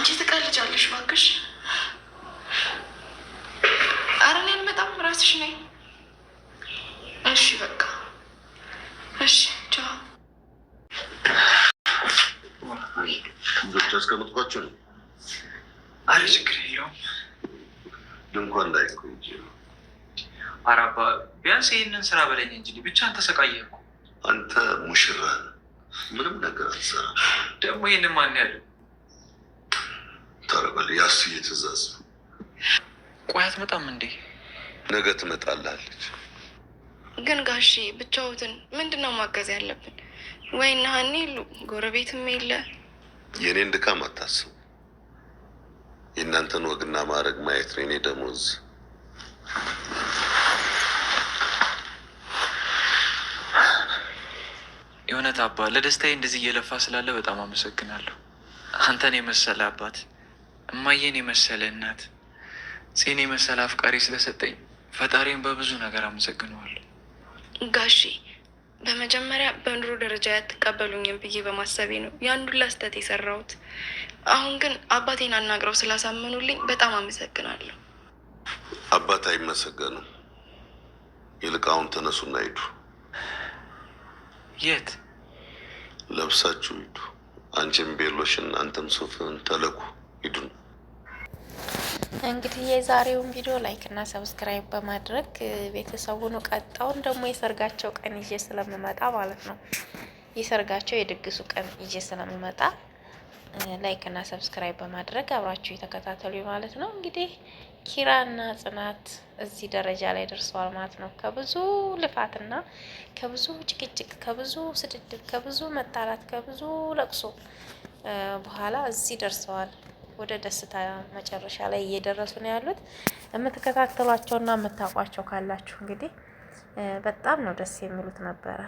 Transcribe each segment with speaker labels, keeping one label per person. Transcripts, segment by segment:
Speaker 1: አንቺ ትቀልጃለሽ እባክሽ። ኧረ እኔ አልመጣም፣ ራስሽ ነኝ። እሺ በቃ እሺ። ቻው።
Speaker 2: ልጆች ያስቀምጥኳቸው ነው። አረ ችግር የለውም። ድንኳ እንዳይኩ እንጂ
Speaker 3: ኧረ አባ ቢያንስ ይህንን ስራ በለኝ እንጂ ብቻህን ተሰቃየህ እኮ።
Speaker 2: አንተ ሙሽራ ምንም ነገር አትሰራም።
Speaker 3: ደግሞ ይህንን ማን ያለው
Speaker 2: ታደርጋለህ። የአስዬ ትእዛዝ።
Speaker 3: ቆይ አትመጣም እንዴ?
Speaker 2: ነገ ትመጣላለች።
Speaker 1: ግን ጋሺ ብቻውትን ምንድን ነው ማገዝ ያለብን? ወይ ናሀኔ ሉ ጎረቤትም የለ።
Speaker 2: የእኔን ድካም አታስቡ። የእናንተን ወግና ማድረግ ማየት ነው የኔ ደሞዝ።
Speaker 3: የእውነት አባ ለደስታዬ እንደዚህ እየለፋ ስላለ በጣም አመሰግናለሁ። አንተን የመሰለ አባት እማየን የመሰለ እናት፣ ፄን የመሰለ አፍቃሪ ስለሰጠኝ ፈጣሪን በብዙ ነገር አመሰግነዋለሁ።
Speaker 1: ጋሺ በመጀመሪያ በኑሮ ደረጃ ያትቀበሉኝም ብዬ በማሰቤ ነው ያን ላስተት የሰራውት የሰራሁት። አሁን ግን አባቴን አናግረው ስላሳመኑልኝ በጣም አመሰግናለሁ።
Speaker 2: አባት አይመሰገንም። ይልቅ አሁን ተነሱና ሂዱ። የት? ለብሳችሁ ሂዱ። አንቺም ቤሎሽን፣ አንተም ሱፍን ተለኩ። ሂዱን
Speaker 4: እንግዲህ የዛሬውን ቪዲዮ ላይክ እና ሰብስክራይብ በማድረግ ቤተሰቡን ቀጣውን ደግሞ የሰርጋቸው ቀን ይዤ ስለምመጣ ማለት ነው የሰርጋቸው የድግሱ ቀን ይዤ ስለምመጣ ላይክ እና ሰብስክራይብ በማድረግ አብራችሁ የተከታተሉ ማለት ነው። እንግዲህ ኪራና ጽናት እዚህ ደረጃ ላይ ደርሰዋል ማለት ነው። ከብዙ ልፋትና ከብዙ ጭቅጭቅ፣ ከብዙ ስድድብ፣ ከብዙ መጣላት፣ ከብዙ ለቅሶ በኋላ እዚህ ደርሰዋል። ወደ ደስታ መጨረሻ ላይ እየደረሱ ነው ያሉት። የምትከታተሏቸውና የምታውቋቸው ካላችሁ እንግዲህ በጣም ነው ደስ የሚሉት ነበረ።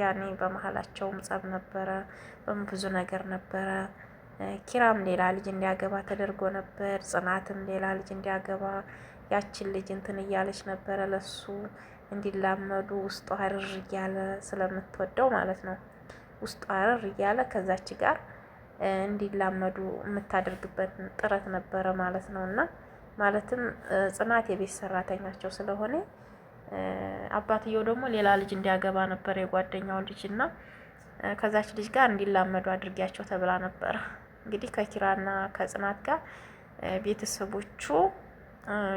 Speaker 4: ያኔ በመሀላቸውም ጸብ ነበረ፣ ብዙ ነገር ነበረ። ኪራም ሌላ ልጅ እንዲያገባ ተደርጎ ነበር። ጽናትም ሌላ ልጅ እንዲያገባ ያችን ልጅ እንትን እያለች ነበረ ለሱ እንዲላመዱ ውስጡ አርር እያለ ስለምትወደው ማለት ነው ውስጡ አርር እያለ ከዛች ጋር እንዲላመዱ የምታደርግበት ጥረት ነበረ ማለት ነው። እና ማለትም ጽናት የቤት ሰራተኛቸው ስለሆነ አባትየው ደግሞ ሌላ ልጅ እንዲያገባ ነበር የጓደኛው ልጅ እና ከዛች ልጅ ጋር እንዲላመዱ አድርጊያቸው ተብላ ነበረ። እንግዲህ ከኪራና ከጽናት ጋር ቤተሰቦቹ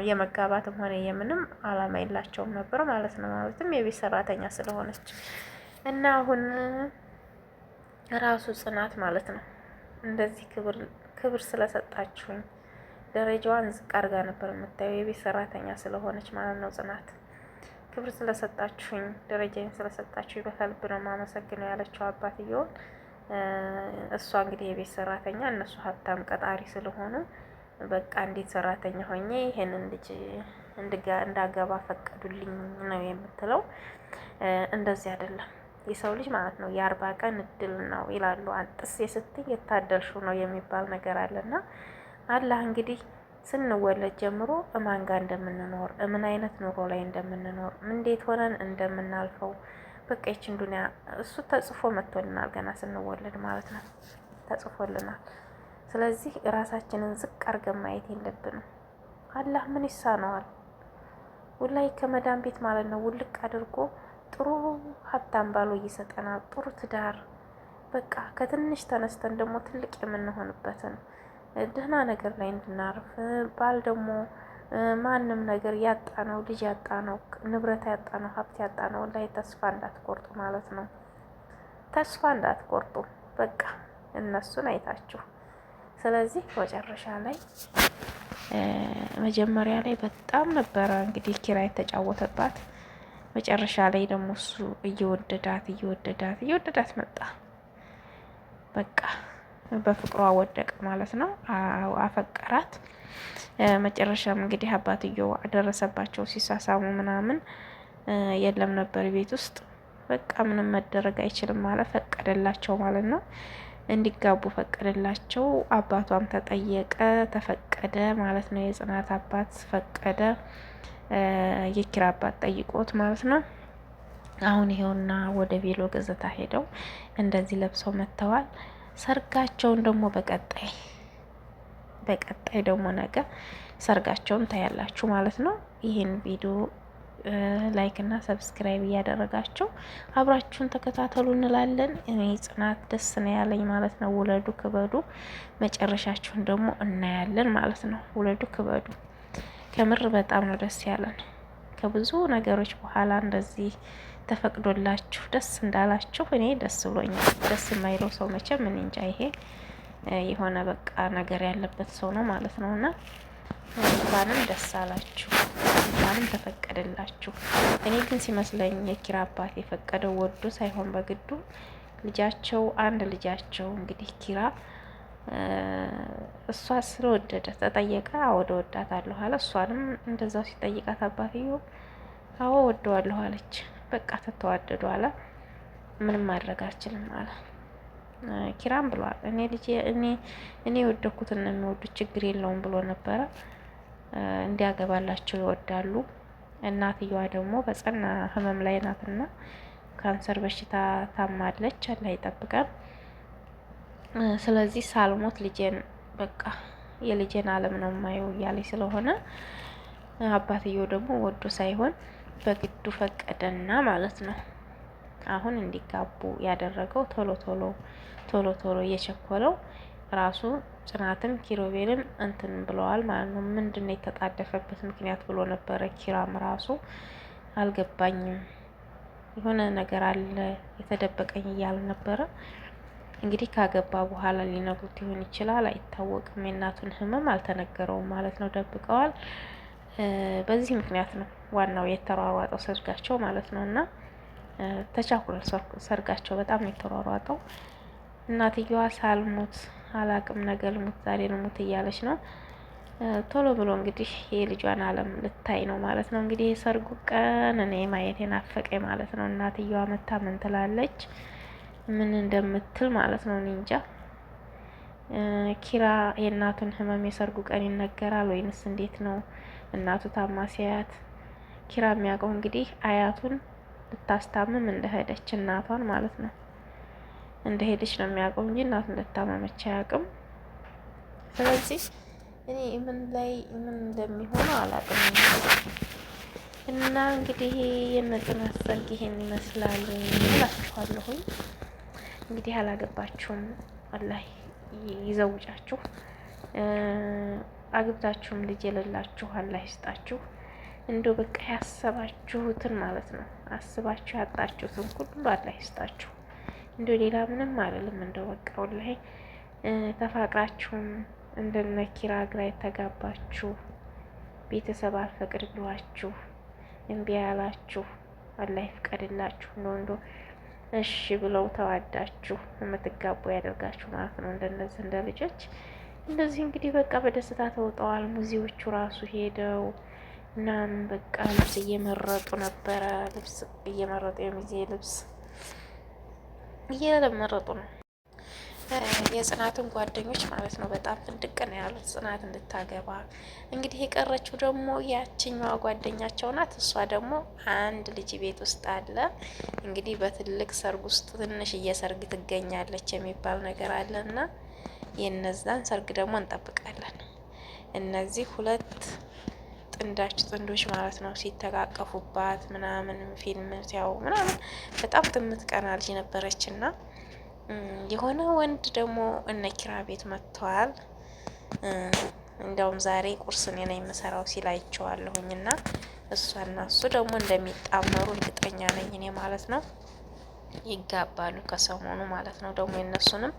Speaker 4: የመጋባትም ሆነ የምንም አላማ የላቸውም ነበር ማለት ነው። ማለትም የቤት ሰራተኛ ስለሆነች እና አሁን ራሱ ጽናት ማለት ነው እንደዚህ ክብር ስለሰጣችሁኝ ደረጃዋን ዝቅ አድርጋ ነበር የምታየው የቤት ሰራተኛ ስለሆነች ማለት ነው። ጽናት ክብር ስለሰጣችሁኝ ደረጃዬን ስለሰጣችሁኝ በከልብ ነው ማመሰግነው ያለችው አባትየውን። እሷ እንግዲህ የቤት ሰራተኛ እነሱ ሀብታም ቀጣሪ ስለሆኑ በቃ እንዴት ሰራተኛ ሆኜ ይሄንን ልጅ እንዳገባ ፈቀዱልኝ ነው የምትለው። እንደዚህ አይደለም የሰው ልጅ ማለት ነው የአርባ ቀን እድል ነው ይላሉ። አንጥስ የስትኝ የታደልሹ ነው የሚባል ነገር አለና አላህ እንግዲህ ስንወለድ ጀምሮ እማን ጋር እንደምንኖር ምን አይነት ኑሮ ላይ እንደምንኖር እንዴት ሆነን እንደምናልፈው በቃ ይችን ዱኒያ እሱ ተጽፎ መጥቶልናል። ገና ስንወለድ ማለት ነው ተጽፎልናል። ስለዚህ ራሳችንን ዝቅ አድርገን ማየት የለብንም። አላህ ምን ይሳነዋል? ውላይ ከመዳን ቤት ማለት ነው ውልቅ አድርጎ ጥሩ ሀብታም ባሎ ይሰጠናል። ጥሩ ትዳር በቃ ከትንሽ ተነስተን ደግሞ ትልቅ የምንሆንበትን ደህና ነገር ላይ እንድናርፍ ባል ደግሞ ማንም ነገር ያጣ ነው፣ ልጅ ያጣ ነው፣ ንብረት ያጣ ነው፣ ሀብት ያጣ ነው ላይ ተስፋ እንዳትቆርጡ ማለት ነው። ተስፋ እንዳትቆርጡ በቃ እነሱን አይታችሁ። ስለዚህ መጨረሻ ላይ መጀመሪያ ላይ በጣም ነበረ እንግዲህ ኪራይ ተጫወተባት። መጨረሻ ላይ ደግሞ እሱ እየወደዳት እየወደዳት እየወደዳት መጣ። በቃ በፍቅሯ ወደቀ ማለት ነው። አፈቀራት። መጨረሻም እንግዲህ አባትየው ደረሰባቸው ሲሳሳሙ ምናምን የለም ነበር ቤት ውስጥ በቃ ምንም መደረግ አይችልም ማለት ፈቀደላቸው ማለት ነው። እንዲጋቡ ፈቀደላቸው። አባቷም ተጠየቀ፣ ተፈቀደ ማለት ነው። የጽናት አባት ፈቀደ። የኪራ አባት ጠይቆት ማለት ነው። አሁን ይሄውና ወደ ቬሎ ገዘታ ሄደው እንደዚህ ለብሰው መጥተዋል። ሰርጋቸውን ደግሞ በቀጣይ በቀጣይ ደግሞ ነገ ሰርጋቸውን ታያላችሁ ማለት ነው። ይህን ቪዲዮ ላይክ እና ሰብስክራይብ እያደረጋችሁ አብራችሁን ተከታተሉ እንላለን። እኔ ጽናት ደስ ነው ያለኝ ማለት ነው። ውለዱ ክበዱ፣ መጨረሻችሁን ደግሞ እናያለን ማለት ነው። ውለዱ ክበዱ ከምር በጣም ነው ደስ ያለን። ከብዙ ነገሮች በኋላ እንደዚህ ተፈቅዶላችሁ ደስ እንዳላችሁ እኔ ደስ ብሎኛል። ደስ የማይለው ሰው መቼም ምን እንጃ። ይሄ የሆነ በቃ ነገር ያለበት ሰው ነው ማለት ነው እና እንኳንም ደስ አላችሁ፣ እንኳንም ተፈቀደላችሁ። እኔ ግን ሲመስለኝ የኪራ አባት የፈቀደው ወዶ ሳይሆን በግዱ ልጃቸው አንድ ልጃቸው እንግዲህ ኪራ እሷ ስለወደደ ተጠየቀ። ወደ ወዳታለሁ አለ። እሷንም እንደዛው ሲጠይቃት አባትየው አዎ ወደዋለሁ አለች። በቃ ተተዋደዱ አለ። ምንም ማድረግ አልችልም አለ። ኪራም ብሏል እኔ ልጅ እኔ እኔ የወደኩትን ነው የሚወዱት ችግር የለውም ብሎ ነበረ። እንዲያገባላቸው ይወዳሉ። እናትየዋ ደግሞ በጸና ህመም ላይ ናትና ካንሰር በሽታ ታማለች። አላህ ይጠብቀን። ስለዚህ ሳልሞት ልጄን በቃ የልጄን አለም ነው የማየው እያለ ስለሆነ አባትየው ደግሞ ወዶ ሳይሆን በግዱ ፈቀደና ማለት ነው አሁን እንዲጋቡ ያደረገው ቶሎ ቶሎ ቶሎ ቶሎ እየቸኮለው ራሱ ጽናትም ኪሮቤልም እንትን ብለዋል ማለት ነው። ምንድን ነው የተጣደፈበት ምክንያት ብሎ ነበረ። ኪራም ራሱ አልገባኝም፣ የሆነ ነገር አለ የተደበቀኝ እያል ነበረ። እንግዲህ ካገባ በኋላ ሊነግሩት ይሆን ይችላል፣ አይታወቅም። የእናቱን ህመም አልተነገረውም ማለት ነው፣ ደብቀዋል። በዚህ ምክንያት ነው ዋናው የተሯሯጠው ሰርጋቸው ማለት ነው። እና ተቻኩሏል ሰርጋቸው፣ በጣም የተሯሯጠው። እናትየዋ ሳልሞት አላቅም፣ ነገ ልሙት፣ ዛሬ ልሙት እያለች ነው። ቶሎ ብሎ እንግዲህ የልጇን አለም ልታይ ነው ማለት ነው። እንግዲህ የሰርጉ ቀን እኔ ማየት የናፈቀኝ ማለት ነው። እናትየዋ መታ ምን ትላለች? ምን እንደምትል ማለት ነው። እኔ እንጃ። ኪራ የእናቱን ህመም የሰርጉ ቀን ይነገራል ወይንስ እንዴት ነው? እናቱ ታማ ሲያያት ኪራ የሚያውቀው እንግዲህ አያቱን ልታስታምም እንደሄደች እናቷን ማለት ነው እንደሄደች ነው የሚያውቀው እንጂ እናቱን ልታመመች አያውቅም። ስለዚህ እኔ ምን ላይ ምን እንደሚሆነው አላውቅም። እና እንግዲህ የነጽናት ሰርግ ይሄን ይመስላል ላችኋለሁኝ። እንግዲህ አላገባችሁም አላህ ይዘውጫችሁ፣ አግብታችሁም ልጅ የሌላችሁ አላህ ይስጣችሁ። እንደው በቃ ያሰባችሁትን ማለት ነው አስባችሁ ያጣችሁትን ሁሉ አላህ ይስጣችሁ። እንደው ሌላ ምንም አይደለም። እንደው በቃ ወላሂ ተፋቅራችሁም እንደነ ኪራ ግራ የተጋባችሁ ቤተሰብ አልፈቅድ ብሏችሁ እምቢ ያላችሁ አላህ ይፍቀድላችሁ። እንደው እንደው እሺ ብለው ተዋዳችሁ የምትጋቡ ያደርጋችሁ ማለት ነው። እንደነዚህ እንደ ልጆች እንደዚህ እንግዲህ በቃ በደስታ ተውጠዋል። ሙዚዎቹ ራሱ ሄደው እናም በቃ ልብስ እየመረጡ ነበረ። ልብስ እየመረጡ የሚዜ ልብስ እየመረጡ ነው የጽናትን ጓደኞች ማለት ነው በጣም ፍንድቅ ነው ያሉት ጽናት እንድታገባ። እንግዲህ የቀረችው ደግሞ ያችኛዋ ጓደኛቸው ናት። እሷ ደግሞ አንድ ልጅ ቤት ውስጥ አለ እንግዲህ በትልቅ ሰርግ ውስጥ ትንሽ እየሰርግ ትገኛለች የሚባል ነገር አለና የነዛን ሰርግ ደግሞ እንጠብቃለን። እነዚህ ሁለት ጥንዳች ጥንዶች ማለት ነው ሲተቃቀፉባት ምናምን ፊልም ሲያው ምናምን በጣም ትምትቀና ልጅ ነበረችና የሆነ ወንድ ደግሞ እነ ኪራ ቤት መጥተዋል። እንዲያውም ዛሬ ቁርስ እኔ ነኝ የምሰራው ሲል አይቼዋለሁኝ እና እሷና እሱ ደግሞ እንደሚጣመሩ እርግጠኛ ነኝ እኔ ማለት ነው። ይጋባሉ ከሰሞኑ ማለት ነው። ደግሞ የእነሱንም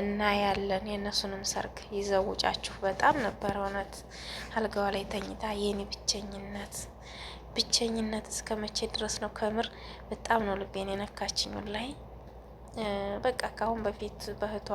Speaker 4: እና ያለን የእነሱንም ሰርግ ይዘውጫችሁ። በጣም ነበረ እውነት አልጋዋ ላይ ተኝታ የኔ ብቸኝነት ብቸኝነት እስከ መቼ ድረስ ነው? ከምር በጣም ነው ልቤን የነካችኙ ላይ በቃ ካሁን በፊት በህቷ